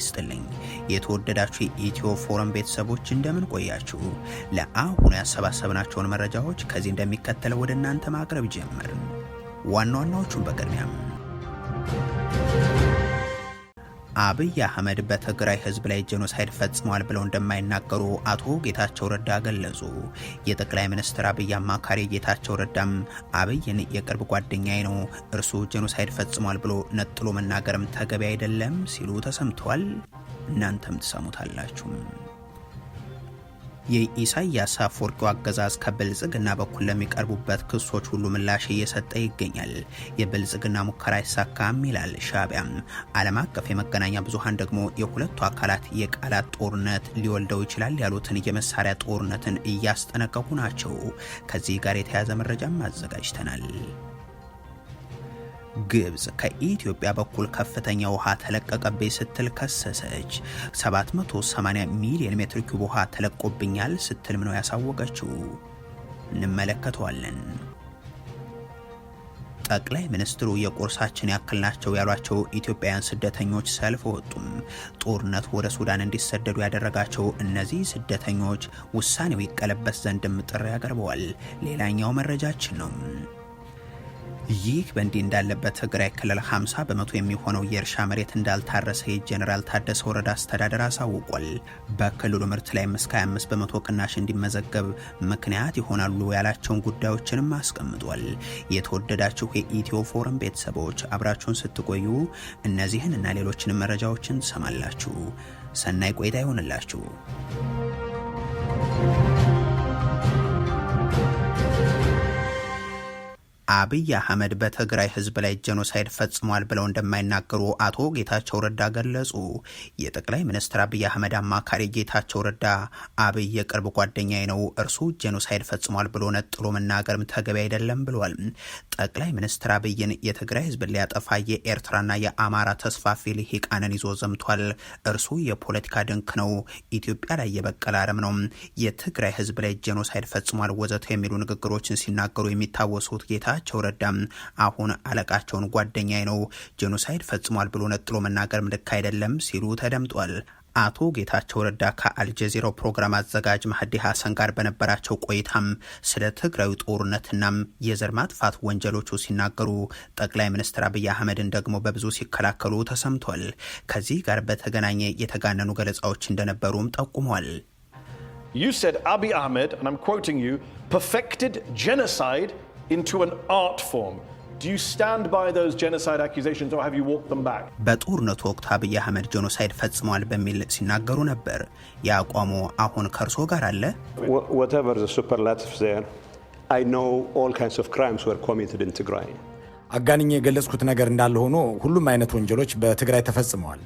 ይስጥልኝ። የተወደዳችሁ የኢትዮ ፎረም ቤተሰቦች እንደምን ቆያችሁ? ለአሁኑ ያሰባሰብናቸውን መረጃዎች ከዚህ እንደሚከተለው ወደ እናንተ ማቅረብ ጀመርን። ዋና ዋናዎቹን በቅድሚያም አብይ አህመድ በትግራይ ህዝብ ላይ ጄኖሳይድ ፈጽመዋል ብለው እንደማይናገሩ አቶ ጌታቸው ረዳ ገለጹ። የጠቅላይ ሚኒስትር አብይ አማካሪ ጌታቸው ረዳም አብይን የቅርብ ጓደኛዬ ነው፣ እርሱ ጄኖሳይድ ፈጽሟል ብሎ ነጥሎ መናገርም ተገቢ አይደለም ሲሉ ተሰምተዋል። እናንተም ትሰሙታላችሁ። የኢሳያስ አፈወርቂው አገዛዝ ከብልጽግና በኩል ለሚቀርቡበት ክሶች ሁሉ ምላሽ እየሰጠ ይገኛል። የብልጽግና ሙከራ አይሳካም ይላል ሻቢያም ዓለም አቀፍ የመገናኛ ብዙሃን ደግሞ የሁለቱ አካላት የቃላት ጦርነት ሊወልደው ይችላል ያሉትን የመሳሪያ ጦርነትን እያስጠነቀቁ ናቸው። ከዚህ ጋር የተያያዘ መረጃም አዘጋጅተናል። ግብፅ ከኢትዮጵያ በኩል ከፍተኛ ውሃ ተለቀቀብኝ ስትል ከሰሰች። 780 ሚሊዮን ሜትር ኪዩብ ውሃ ተለቆብኛል ስትልም ነው ያሳወቀችው። እንመለከተዋለን። ጠቅላይ ሚኒስትሩ የቁርሳችን ያክል ናቸው ያሏቸው ኢትዮጵያውያን ስደተኞች ሰልፍ ወጡም። ጦርነት ወደ ሱዳን እንዲሰደዱ ያደረጋቸው እነዚህ ስደተኞች ውሳኔው ይቀለበስ ዘንድም ጥሪ ያቀርበዋል። ሌላኛው መረጃችን ነው። ይህ በእንዲህ እንዳለበት ትግራይ ክልል 50 በመቶ የሚሆነው የእርሻ መሬት እንዳልታረሰ የጀኔራል ታደሰ ወረዳ አስተዳደር አሳውቋል። በክልሉ ምርት ላይም እስከ 25 በመቶ ቅናሽ እንዲመዘገብ ምክንያት ይሆናሉ ያላቸውን ጉዳዮችንም አስቀምጧል። የተወደዳችሁ የኢትዮ ፎረም ቤተሰቦች አብራችሁን ስትቆዩ እነዚህን እና ሌሎችንም መረጃዎችን ትሰማላችሁ። ሰናይ ቆይታ ይሆንላችሁ። አብይ አህመድ በትግራይ ህዝብ ላይ ጀኖሳይድ ፈጽሟል ብለው እንደማይናገሩ አቶ ጌታቸው ረዳ ገለጹ። የጠቅላይ ሚኒስትር አብይ አህመድ አማካሪ ጌታቸው ረዳ አብይ የቅርብ ጓደኛዬ ነው፣ እርሱ ጀኖሳይድ ፈጽሟል ብሎ ነጥሎ መናገርም ተገቢ አይደለም ብሏል። ጠቅላይ ሚኒስትር አብይን የትግራይ ህዝብን ሊያጠፋ የኤርትራና የአማራ ተስፋፊ ልሂቃንን ይዞ ዘምቷል፣ እርሱ የፖለቲካ ድንክ ነው፣ ኢትዮጵያ ላይ የበቀለ አረም ነው፣ የትግራይ ህዝብ ላይ ጀኖሳይድ ፈጽሟል ወዘተ የሚሉ ንግግሮችን ሲናገሩ የሚታወሱት ጌታ ጌታቸው ረዳ አሁን አለቃቸውን ጓደኛዬ ነው ጄኖሳይድ ፈጽሟል ብሎ ነጥሎ መናገርም ልክ አይደለም ሲሉ ተደምጧል። አቶ ጌታቸው ረዳ ከአልጀዚራው ፕሮግራም አዘጋጅ ማህዲ ሀሰን ጋር በነበራቸው ቆይታም ስለ ትግራዊ ጦርነትና የዘር ማጥፋት ወንጀሎቹ ሲናገሩ ጠቅላይ ሚኒስትር አብይ አህመድን ደግሞ በብዙ ሲከላከሉ ተሰምቷል። ከዚህ ጋር በተገናኘ የተጋነኑ ገለጻዎች እንደነበሩም ጠቁሟል። You said Abiy Ahmed, and I'm quoting you, perfected genocide into an art form. በጦርነቱ ወቅት አብይ አህመድ ጄኖሳይድ ፈጽመዋል በሚል ሲናገሩ ነበር። የአቋሙ አሁን ከእርሶ ጋር አለ? አጋንኝ የገለጽኩት ነገር እንዳለ ሆኖ ሁሉም አይነት ወንጀሎች በትግራይ ተፈጽመዋል።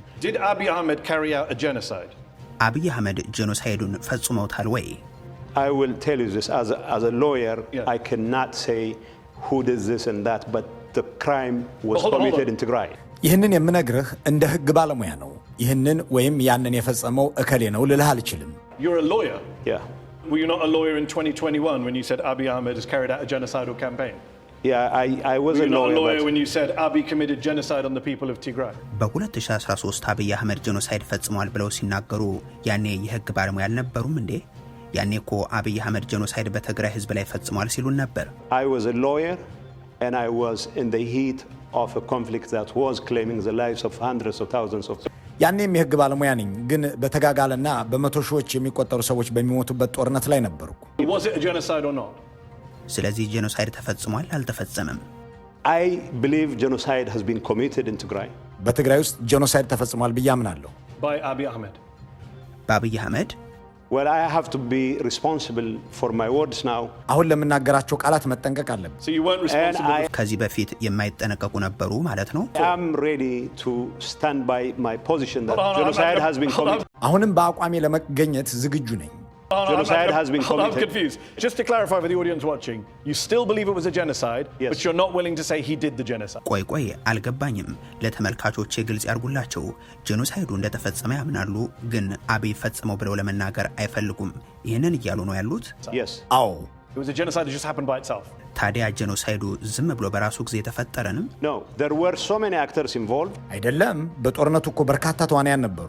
አብይ አህመድ ጄኖሳይዱን ፈጽመውታል ወይ? I will tell you this as a, as a lawyer, yeah. I cannot say who did this and that, but the crime was well, committed on, in Tigray. ይህንን የምነግርህ እንደ ህግ ባለሙያ ነው። ይህንን ወይም ያንን የፈጸመው እከሌ ነው ልልህ አልችልም። You're a lawyer. Yeah. Were you not a lawyer in 2021 when you said Abiy Ahmed has carried out a genocidal campaign? በ2013 አብይ አህመድ ጄኖሳይድ ፈጽሟል ብለው ሲናገሩ ያኔ የህግ ባለሙያ አልነበሩም እንዴ? ያኔ እኮ አብይ አህመድ ጀኖሳይድ በትግራይ ህዝብ ላይ ፈጽሟል ሲሉን ነበር። ያኔም የህግ ባለሙያ ነኝ፣ ግን በተጋጋለና በመቶ ሺዎች የሚቆጠሩ ሰዎች በሚሞቱበት ጦርነት ላይ ነበርኩ። ስለዚህ ጄኖሳይድ ተፈጽሟል አልተፈጸመም? በትግራይ ውስጥ ጀኖሳይድ ተፈጽሟል ብዬ አምናለሁ በአብይ አህመድ አሁን ለምናገራቸው ቃላት መጠንቀቅ አለብን። ከዚህ በፊት የማይጠነቀቁ ነበሩ ማለት ነው። አሁንም በአቋሜ ለመገኘት ዝግጁ ነኝ። Oh, no, genocide I'm, I'm, has been committed. I'm confused. Just to clarify for the audience watching, you still believe it was a genocide, yes. but you're not willing to say he did the genocide. ቆይ ቆይ አልገባኝም። ለተመልካቾች ግልጽ ያርጉላቸው። ጄኖሳይዱ እንደተፈጸመ ያምናሉ፣ ግን አብይ ፈጽመው ብለው ለመናገር አይፈልጉም። ይህንን እያሉ ነው ያሉት? አዎ ታዲያ ጄኖሳይዱ ዝም ብሎ በራሱ ጊዜ የተፈጠረንም አይደለም። በጦርነቱ እኮ በርካታ ተዋንያን ነበሩ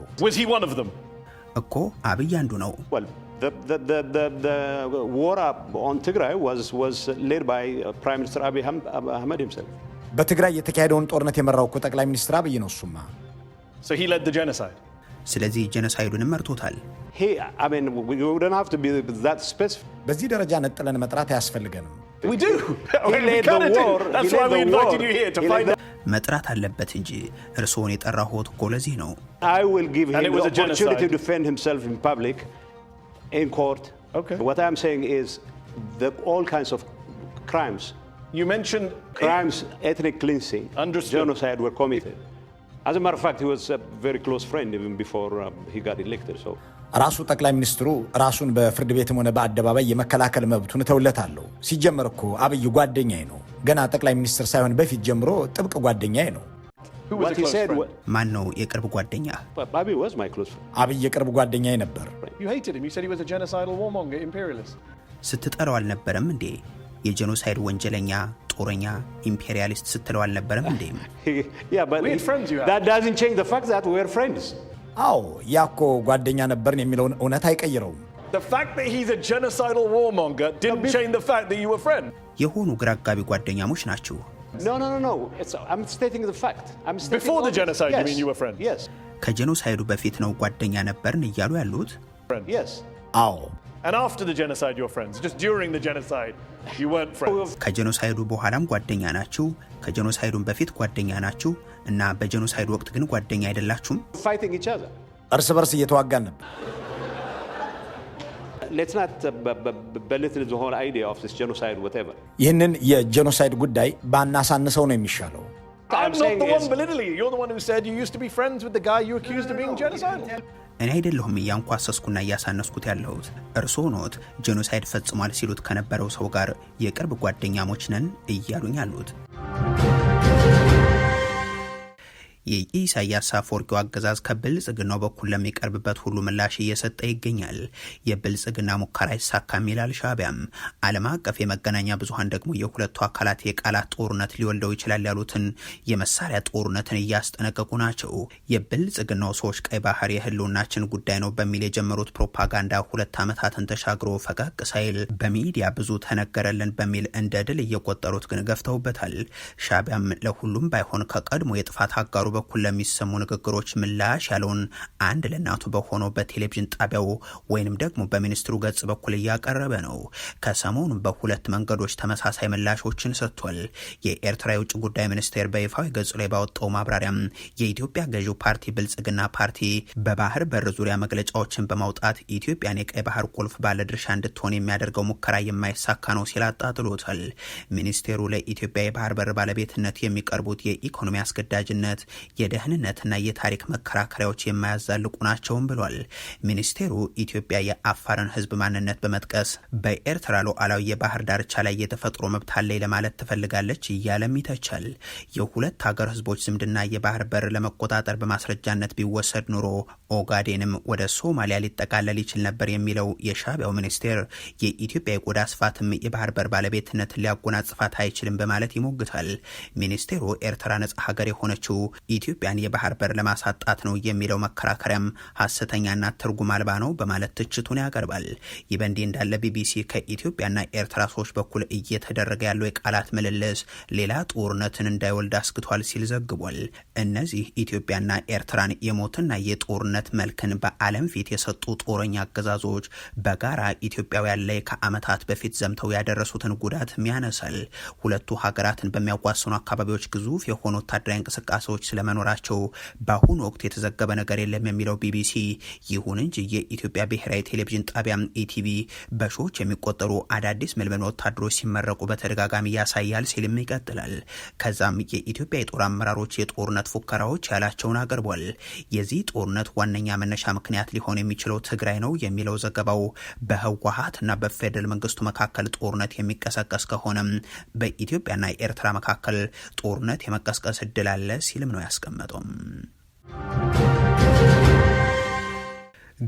እኮ አብይ አንዱ ነው። The, the, the, the, war on Tigray was, was led by Prime Minister Abiy Ahmed himself. በትግራይ የተካሄደውን ጦርነት የመራው እኮ ጠቅላይ ሚኒስትር አብይ ነው። እሱማ so he led the genocide. ስለዚህ ጀኖሳይዱንም መርቶታል። he I mean we wouldn't have to be that specific. በዚህ ደረጃ ነጥለን መጥራት አያስፈልገንም። we do. he led the war. that's why we invited you here to find out. መጥራት አለበት እንጂ እርስዎን የጠራሁት እኮ ለዚህ ነው። I will give him the opportunity to defend himself in public. in court. Okay. What I'm saying is the, all kinds of crimes. You mentioned crimes, a- ethnic cleansing, understood. genocide were committed. As a matter of fact, he was a very close friend even before um, he got elected. So. ራሱ ጠቅላይ ሚኒስትሩ ራሱን በፍርድ ቤትም ሆነ በአደባባይ የመከላከል መብቱን እተውለታለሁ። ሲጀመር እኮ አብይ ጓደኛዬ ነው። ገና ጠቅላይ ሚኒስትር ሳይሆን በፊት ጀምሮ ጥብቅ ጓደኛዬ ነው። ማን ነው የቅርብ ጓደኛ? አብይ የቅርብ ጓደኛዬ ነበር። ስትጠራው አልነበረም እንዴ? የጄኖሳይድ ወንጀለኛ ጦረኛ ኢምፔሪያሊስት ስትለው አልነበረም እንዴ? አዎ ያ እኮ ጓደኛ ነበርን የሚለውን እውነት አይቀይረውም። የሆኑ ግራ አጋቢ ጓደኛሞች ናችሁ። ከጄኖሳይዱ በፊት ነው ጓደኛ ነበርን እያሉ ያሉት። አዎ ከጀኖሳይዱ በኋላም ጓደኛ ናችሁ፣ ከጀኖሳይዱን በፊት ጓደኛ ናችሁ እና በጀኖሳይዱ ወቅት ግን ጓደኛ አይደላችሁም። እርስ በርስ እየተዋጋን ነበር። uh, ይህንን የጀኖሳይድ ጉዳይ ባናሳንሰው ነው የሚሻለው። I'm, I'm not the one belittling you. You're the one who said you used to be friends with the guy you accused of being genocidal. እኔ አይደለሁም እያንኳሰስኩና እያሳነስኩት ያለሁት እርስዎ ኖት ጄኖሳይድ ፈጽሟል ሲሉት ከነበረው ሰው ጋር የቅርብ ጓደኛሞች ነን እያሉኝ አሉት። የኢሳያስ አፈወርቂው አገዛዝ ከብልጽግናው በኩል ለሚቀርብበት ሁሉ ምላሽ እየሰጠ ይገኛል። የብልጽግና ሙከራ አይሳካም ይላል ሻቢያም። ዓለም አቀፍ የመገናኛ ብዙሀን ደግሞ የሁለቱ አካላት የቃላት ጦርነት ሊወልደው ይችላል ያሉትን የመሳሪያ ጦርነትን እያስጠነቀቁ ናቸው። የብልጽግናው ሰዎች ቀይ ባህር የህልውናችን ጉዳይ ነው በሚል የጀመሩት ፕሮፓጋንዳ ሁለት ዓመታትን ተሻግሮ ፈቀቅ ሳይል በሚዲያ ብዙ ተነገረልን በሚል እንደ ድል እየቆጠሩት ግን ገፍተውበታል። ሻቢያም ለሁሉም ባይሆን ከቀድሞ የጥፋት አጋሩ በኩል ለሚሰሙ ንግግሮች ምላሽ ያለውን አንድ ለእናቱ በሆነው በቴሌቪዥን ጣቢያው ወይንም ደግሞ በሚኒስትሩ ገጽ በኩል እያቀረበ ነው። ከሰሞኑ በሁለት መንገዶች ተመሳሳይ ምላሾችን ሰጥቷል። የኤርትራ የውጭ ጉዳይ ሚኒስቴር በይፋዊ ገጹ ላይ ባወጣው ማብራሪያም የኢትዮጵያ ገዢው ፓርቲ ብልጽግና ፓርቲ በባህር በር ዙሪያ መግለጫዎችን በማውጣት ኢትዮጵያን የቀይ ባህር ቁልፍ ባለድርሻ እንድትሆን የሚያደርገው ሙከራ የማይሳካ ነው ሲል አጣጥሎታል። ሚኒስቴሩ ለኢትዮጵያ የባህር በር ባለቤትነት የሚቀርቡት የኢኮኖሚ አስገዳጅነት፣ የደህንነትና የታሪክ መከራከሪያዎች የማያዛልቁ ናቸውም ብሏል። ሚኒስቴሩ ኢትዮጵያ የአፋርን ህዝብ ማንነት በመጥቀስ በኤርትራ ሉዓላዊ የባህር ዳርቻ ላይ የተፈጥሮ መብት አለኝ ለማለት ትፈልጋለች እያለም ይተቻል። የሁለት ሀገር ህዝቦች ዝምድና የባህር በር ለመቆጣጠር በማስረጃነት ቢወሰድ ኑሮ ኦጋዴንም ወደ ሶማሊያ ሊጠቃለል ይችል ነበር የሚለው የሻቢያው ሚኒስቴር የኢትዮጵያ የቆዳ ስፋትም የባህር በር ባለቤትነት ሊያጎናጽፋት አይችልም በማለት ይሞግታል። ሚኒስቴሩ ኤርትራ ነጻ ሀገር የሆነችው ኢትዮጵያን የባህር በር ለማሳጣት ነው የሚለው መከራከሪያም ሀሰተኛና ትርጉም አልባ ነው በማለት ትችቱን ያቀርባል። ይህ በእንዲህ እንዳለ ቢቢሲ ከኢትዮጵያና ኤርትራ ሰዎች በኩል እየተደረገ ያለው የቃላት ምልልስ ሌላ ጦርነትን እንዳይወልድ አስግቷል ሲል ዘግቧል። እነዚህ ኢትዮጵያና ኤርትራን የሞትና የጦርነት መልክን በዓለም ፊት የሰጡ ጦረኛ አገዛዞች በጋራ ኢትዮጵያውያን ላይ ከዓመታት በፊት ዘምተው ያደረሱትን ጉዳት ያነሳል። ሁለቱ ሀገራትን በሚያዋስኑ አካባቢዎች ግዙፍ የሆኑ ወታደራዊ እንቅስቃሴዎች ስለ ስለመኖራቸው በአሁኑ ወቅት የተዘገበ ነገር የለም የሚለው ቢቢሲ፣ ይሁን እንጂ የኢትዮጵያ ብሔራዊ ቴሌቪዥን ጣቢያ ኢቲቪ በሺዎች የሚቆጠሩ አዳዲስ ምልምል ወታደሮች ሲመረቁ በተደጋጋሚ ያሳያል ሲልም ይቀጥላል። ከዛም የኢትዮጵያ የጦር አመራሮች የጦርነት ፉከራዎች ያላቸውን አቅርቧል። የዚህ ጦርነት ዋነኛ መነሻ ምክንያት ሊሆን የሚችለው ትግራይ ነው የሚለው ዘገባው እና በፌዴራል መንግስቱ መካከል ጦርነት የሚቀሰቀስ ከሆነም በኢትዮጵያና ኤርትራ መካከል ጦርነት የመቀስቀስ እድል አለ ሲልም ነው ያስቀመጠውም።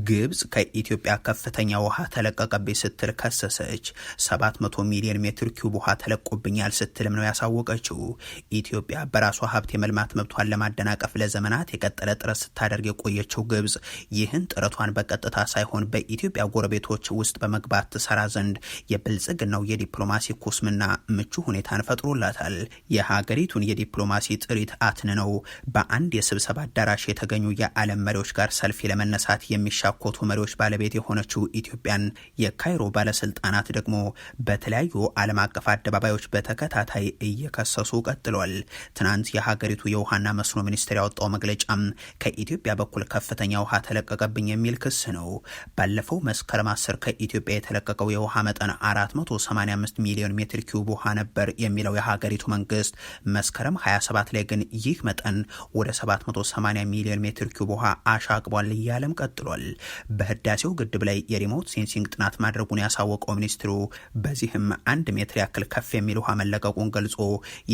ግብፅ ከኢትዮጵያ ከፍተኛ ውሃ ተለቀቀብኝ ስትል ከሰሰች። 700 ሚሊዮን ሜትር ኪዩብ ውሃ ተለቆብኛል ስትልም ነው ያሳወቀችው። ኢትዮጵያ በራሷ ሀብት የመልማት መብቷን ለማደናቀፍ ለዘመናት የቀጠለ ጥረት ስታደርግ የቆየችው ግብፅ ይህን ጥረቷን በቀጥታ ሳይሆን በኢትዮጵያ ጎረቤቶች ውስጥ በመግባት ትሰራ ዘንድ የብልጽግናው የዲፕሎማሲ ኩስምና ምቹ ሁኔታን ፈጥሮላታል። የሀገሪቱን የዲፕሎማሲ ጥሪት አትንነው በአንድ የስብሰባ አዳራሽ የተገኙ የዓለም መሪዎች ጋር ሰልፊ ለመነሳት የሚ የሚሻኮቱ መሪዎች ባለቤት የሆነችው ኢትዮጵያን የካይሮ ባለስልጣናት ደግሞ በተለያዩ ዓለም አቀፍ አደባባዮች በተከታታይ እየከሰሱ ቀጥሏል። ትናንት የሀገሪቱ የውሃና መስኖ ሚኒስቴር ያወጣው መግለጫም ከኢትዮጵያ በኩል ከፍተኛ ውሃ ተለቀቀብኝ የሚል ክስ ነው። ባለፈው መስከረም አስር ከኢትዮጵያ የተለቀቀው የውሃ መጠን 485 ሚሊዮን ሜትር ኪዩብ ውሃ ነበር የሚለው የሀገሪቱ መንግስት መስከረም 27 ላይ ግን ይህ መጠን ወደ 780 ሚሊዮን ሜትር ኪዩብ ውሃ አሻቅቧል እያለም ቀጥሏል። በህዳሴው ግድብ ላይ የሪሞት ሴንሲንግ ጥናት ማድረጉን ያሳወቀው ሚኒስትሩ በዚህም አንድ ሜትር ያክል ከፍ የሚል ውሃ መለቀቁን ገልጾ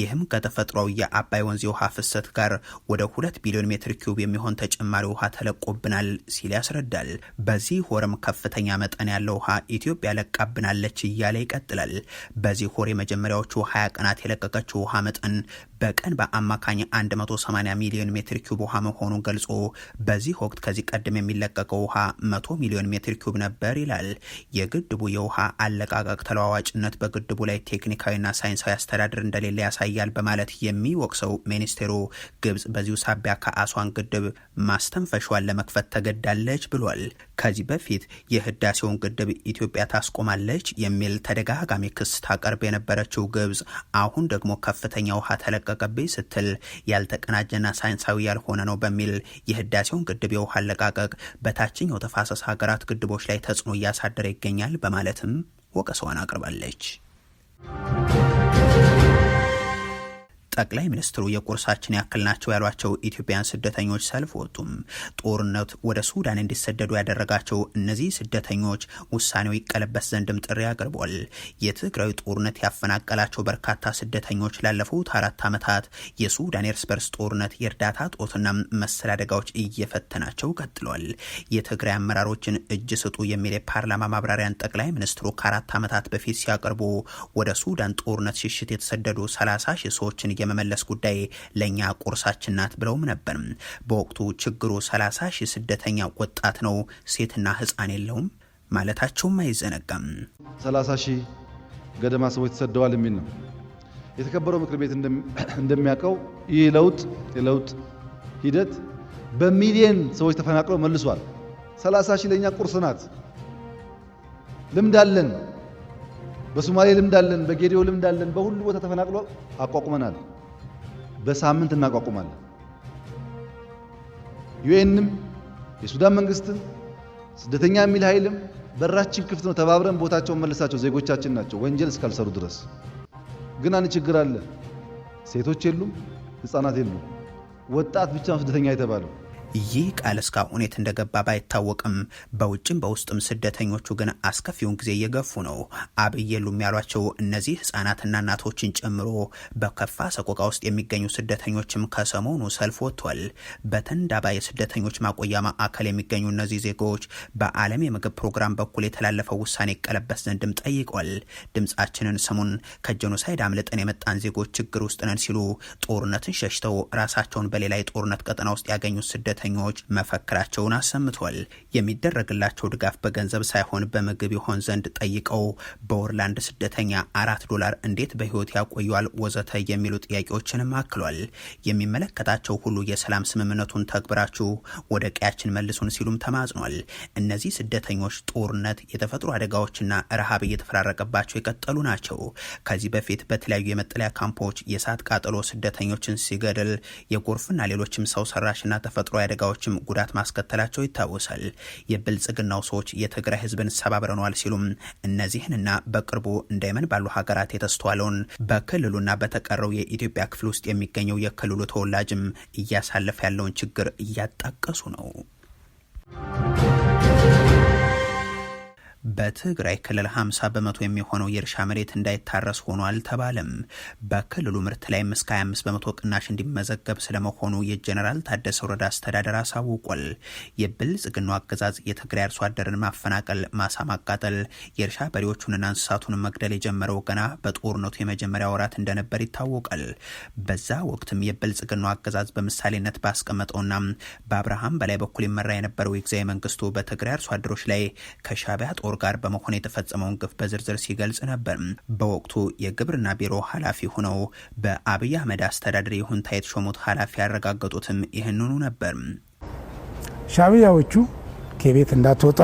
ይህም ከተፈጥሯዊ የአባይ ወንዝ የውሃ ፍሰት ጋር ወደ ሁለት ቢሊዮን ሜትር ኪዩብ የሚሆን ተጨማሪ ውሃ ተለቆብናል ሲል ያስረዳል። በዚህ ወርም ከፍተኛ መጠን ያለው ውሃ ኢትዮጵያ ለቃብናለች እያለ ይቀጥላል። በዚህ ወር የመጀመሪያዎቹ ሀያ ቀናት የለቀቀችው ውሃ መጠን በቀን በአማካኝ 180 ሚሊዮን ሜትር ኪዩብ ውሃ መሆኑን ገልጾ በዚህ ወቅት ከዚህ ቀደም የሚለቀቀው ውሃ 100 ሚሊዮን ሜትር ኪዩብ ነበር ይላል። የግድቡ የውሃ አለቃቀቅ ተለዋዋጭነት በግድቡ ላይ ቴክኒካዊና ሳይንሳዊ አስተዳደር እንደሌለ ያሳያል በማለት የሚወቅሰው ሚኒስቴሩ ግብጽ በዚሁ ሳቢያ ከአሷን ግድብ ማስተንፈሻዋን ለመክፈት ተገዳለች ብሏል። ከዚህ በፊት የህዳሴውን ግድብ ኢትዮጵያ ታስቆማለች የሚል ተደጋጋሚ ክስ ታቀርብ የነበረችው ግብጽ አሁን ደግሞ ከፍተኛ ውሃ ተለቀቀ ተለቀቀብኝ ስትል ያልተቀናጀና ሳይንሳዊ ያልሆነ ነው በሚል የህዳሴውን ግድብ የውሃ አለቃቀቅ በታችኛው ተፋሰስ ሀገራት ግድቦች ላይ ተጽዕኖ እያሳደረ ይገኛል በማለትም ወቀሰዋን አቅርባለች። ጠቅላይ ሚኒስትሩ የቁርሳችን ያክል ናቸው ያሏቸው ኢትዮጵያን ስደተኞች ሰልፍ ወጡም። ጦርነት ወደ ሱዳን እንዲሰደዱ ያደረጋቸው እነዚህ ስደተኞች ውሳኔው ይቀለበስ ዘንድም ጥሪ አቅርቧል። የትግራዊ ጦርነት ያፈናቀላቸው በርካታ ስደተኞች ላለፉት አራት ዓመታት የሱዳን የእርስ በርስ ጦርነት፣ የእርዳታ ጦትና መሰል አደጋዎች እየፈተናቸው ቀጥሏል። የትግራይ አመራሮችን እጅ ስጡ የሚል የፓርላማ ማብራሪያን ጠቅላይ ሚኒስትሩ ከአራት ዓመታት በፊት ሲያቀርቡ ወደ ሱዳን ጦርነት ሽሽት የተሰደዱ 30 ሺህ ሰዎችን የመመለስ ጉዳይ ለእኛ ቁርሳችን ናት ብለውም ነበር። በወቅቱ ችግሩ 30 ሺህ ስደተኛ ወጣት ነው፣ ሴትና ህፃን የለውም ማለታቸውም አይዘነጋም። 30 ሺህ ገደማ ሰዎች ተሰደዋል የሚል ነው። የተከበረው ምክር ቤት እንደሚያውቀው ይህ ለውጥ የለውጥ ሂደት በሚሊየን ሰዎች ተፈናቅለው መልሷል። 30 ሺህ ለእኛ ቁርስ ናት። ልምድ አለን፣ በሶማሌ ልምድ አለን፣ በጌዲዮ ልምድ አለን። በሁሉ ቦታ ተፈናቅሎ አቋቁመናል። በሳምንት እናቋቁማለን። ዩኤንም የሱዳን መንግስትም ስደተኛ የሚል ኃይልም በራችን ክፍት ነው። ተባብረን ቦታቸውን መልሳቸው ዜጎቻችን ናቸው፣ ወንጀል እስካልሰሩ ድረስ። ግን አንድ ችግር አለ። ሴቶች የሉም፣ ህፃናት የሉም፣ ወጣት ብቻ ነው ስደተኛ የተባለው። ይህ ቃል እስካሁን የት እንደገባ ባይታወቅም በውጭም በውስጥም ስደተኞቹ ግን አስከፊውን ጊዜ እየገፉ ነው። አብይ የሉም ያሏቸው እነዚህ ህጻናትና እናቶችን ጨምሮ በከፋ ሰቆቃ ውስጥ የሚገኙ ስደተኞችም ከሰሞኑ ሰልፍ ወጥቷል። በተንዳባ የስደተኞች ማቆያ ማዕከል የሚገኙ እነዚህ ዜጎች በዓለም የምግብ ፕሮግራም በኩል የተላለፈው ውሳኔ ይቀለበስ ዘንድም ጠይቋል። ድምጻችንን ስሙን፣ ከጀኖሳይድ አምልጠን የመጣን ዜጎች ችግር ውስጥ ነን ሲሉ ጦርነትን ሸሽተው ራሳቸውን በሌላ የጦርነት ቀጠና ውስጥ ያገኙት ስደተ ስደተኞች መፈክራቸውን አሰምቷል። የሚደረግላቸው ድጋፍ በገንዘብ ሳይሆን በምግብ ይሆን ዘንድ ጠይቀው በኦርላንድ ስደተኛ አራት ዶላር እንዴት በህይወት ያቆያል ወዘተ የሚሉ ጥያቄዎችንም አክሏል። የሚመለከታቸው ሁሉ የሰላም ስምምነቱን ተግብራችሁ ወደ ቀያችን መልሱን ሲሉም ተማጽኗል። እነዚህ ስደተኞች ጦርነት፣ የተፈጥሮ አደጋዎችና ረሃብ እየተፈራረቀባቸው የቀጠሉ ናቸው። ከዚህ በፊት በተለያዩ የመጠለያ ካምፖች የእሳት ቃጠሎ ስደተኞችን ሲገድል የጎርፍና ሌሎችም ሰው ሰራሽና ተፈጥሮ አደጋዎችም ጉዳት ማስከተላቸው ይታወሳል። የብልጽግናው ሰዎች የትግራይ ህዝብን ሰባብረነዋል ሲሉም እነዚህንና በቅርቡ እንደ የመን ባሉ ሀገራት የተስተዋለውን በክልሉና በተቀረው የኢትዮጵያ ክፍል ውስጥ የሚገኘው የክልሉ ተወላጅም እያሳለፈ ያለውን ችግር እያጣቀሱ ነው። በትግራይ ክልል 50 በመቶ የሚሆነው የእርሻ መሬት እንዳይታረስ ሆኖ አልተባለም። በክልሉ ምርት ላይ እስከ 25 በመቶ ቅናሽ እንዲመዘገብ ስለመሆኑ የጀኔራል ታደሰ ወረዳ አስተዳደር አሳውቋል። የብልጽግናው አገዛዝ የትግራይ አርሶ አደርን ማፈናቀል፣ ማሳ ማቃጠል፣ የእርሻ በሬዎቹንና እንስሳቱን መግደል የጀመረው ገና በጦርነቱ የመጀመሪያ ወራት እንደነበር ይታወቃል። በዛ ወቅትም የብልጽግናው አገዛዝ በምሳሌነት ባስቀመጠውና በአብርሃም በላይ በኩል ይመራ የነበረው የጊዜያዊ መንግስቱ በትግራይ አርሶ አደሮች ላይ ከሻቢያ ጦር ጦር ጋር በመሆን የተፈጸመውን ግፍ በዝርዝር ሲገልጽ ነበር። በወቅቱ የግብርና ቢሮ ኃላፊ ሆነው በአብይ አህመድ አስተዳደር ይሁንታ የተሾሙት ኃላፊ ያረጋገጡትም ይህንኑ ነበር። ሻዕቢያዎቹ ከቤት እንዳትወጣ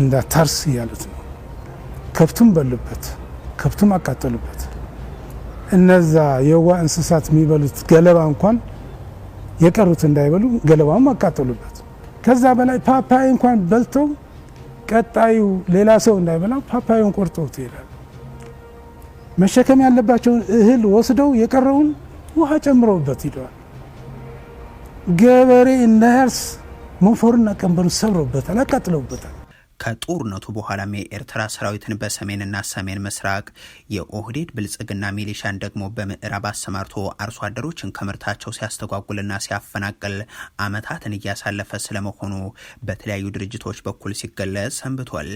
እንዳታርስ እያሉት ነው። ከብቱም በሉበት፣ ከብቱም አቃጠሉበት። እነዛ የዋ እንስሳት የሚበሉት ገለባ እንኳን የቀሩት እንዳይበሉ ገለባውም አቃጠሉበት። ከዛ በላይ ፓፓያ እንኳን በልተው ቀጣዩ ሌላ ሰው እንዳይበላው ፓፓዩን ቆርጠውት ይላል። መሸከም ያለባቸውን እህል ወስደው የቀረውን ውሃ ጨምረውበት ሂደዋል። ገበሬ እንዳያርስ ሞፈሩና ቀንበሩን ሰብረውበታል፣ አቃጥለውበታል። ከጦርነቱ በኋላም የኤርትራ ሰራዊትን በሰሜንና ሰሜን ምስራቅ የኦህዴድ ብልጽግና ሚሊሻን ደግሞ በምዕራብ አሰማርቶ አርሶ አደሮችን ከምርታቸው ሲያስተጓጉልና ሲያፈናቅል አመታትን እያሳለፈ ስለመሆኑ በተለያዩ ድርጅቶች በኩል ሲገለጽ ሰንብቷል።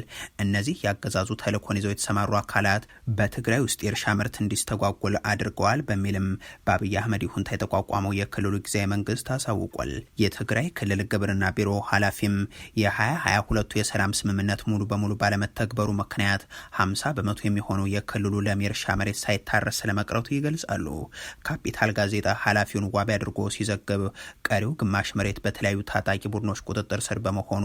እነዚህ ያገዛዙ ተልእኮን ይዘው የተሰማሩ አካላት በትግራይ ውስጥ የእርሻ ምርት እንዲስተጓጉል አድርገዋል በሚልም በአብይ አህመድ ይሁንታ የተቋቋመው የክልሉ ጊዜያዊ መንግስት አሳውቋል። የትግራይ ክልል ግብርና ቢሮ ኃላፊም የ 2022 የሰላም ስምምነት ስምምነት ሙሉ በሙሉ ባለመተግበሩ ምክንያት 50 በመቶ የሚሆነው የክልሉ ለም የእርሻ መሬት ሳይታረስ ስለመቅረቱ ይገልጻሉ። ካፒታል ጋዜጣ ኃላፊውን ዋቢ አድርጎ ሲዘግብ ቀሪው ግማሽ መሬት በተለያዩ ታጣቂ ቡድኖች ቁጥጥር ስር በመሆኑ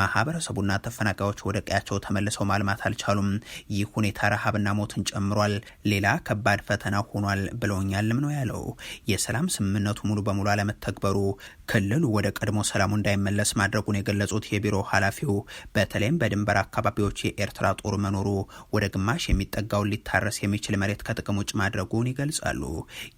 ማህበረሰቡና ተፈናቃዮች ወደ ቀያቸው ተመልሰው ማልማት አልቻሉም። ይህ ሁኔታ ረሃብና ሞትን ጨምሯል፣ ሌላ ከባድ ፈተና ሆኗል ብለውኛልም ነው ያለው። የሰላም ስምምነቱ ሙሉ በሙሉ አለመተግበሩ ክልሉ ወደ ቀድሞ ሰላሙ እንዳይመለስ ማድረጉን የገለጹት የቢሮ ኃላፊው በተለይም በድንበር አካባቢዎች የኤርትራ ጦር መኖሩ ወደ ግማሽ የሚጠጋውን ሊታረስ የሚችል መሬት ከጥቅም ውጭ ማድረጉን ይገልጻሉ።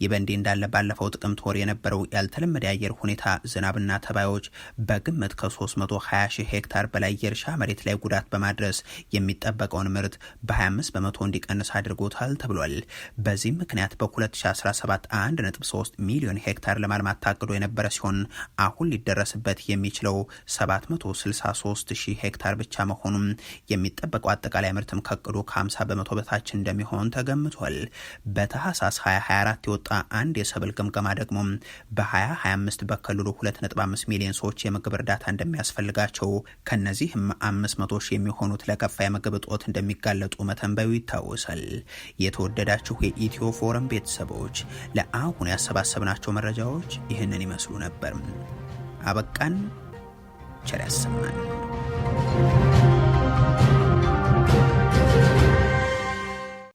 ይህ በእንዲህ እንዳለ ባለፈው ጥቅምት ወር የነበረው ያልተለመደ የአየር ሁኔታ፣ ዝናብና ተባዮች በግምት ከ320 ሺህ ሄክታር በላይ የእርሻ መሬት ላይ ጉዳት በማድረስ የሚጠበቀውን ምርት በ25 በመቶ እንዲቀንስ አድርጎታል ተብሏል። በዚህም ምክንያት በ2017 1.3 ሚሊዮን ሄክታር ለማልማት ታቅዶ የነበረ ሲሆን አሁን ሊደረስበት የሚችለው 763 ሺህ ሄክታር ብቻ ብቻ መሆኑም የሚጠበቀው አጠቃላይ ምርትም ከቅዱ ከ50 በመቶ በታች እንደሚሆን ተገምቷል። በታህሳስ 2024 የወጣ አንድ የሰብል ግምገማ ደግሞ በ2025 በክልሉ 2.5 ሚሊዮን ሰዎች የምግብ እርዳታ እንደሚያስፈልጋቸው ከነዚህም 500 ሺህ የሚሆኑት ለከፋ የምግብ እጦት እንደሚጋለጡ መተንበዩ ይታወሳል። የተወደዳችሁ የኢትዮ ፎረም ቤተሰቦች ለአሁን ያሰባሰብናቸው መረጃዎች ይህንን ይመስሉ ነበር። አበቃን። ቸር ያሰማን።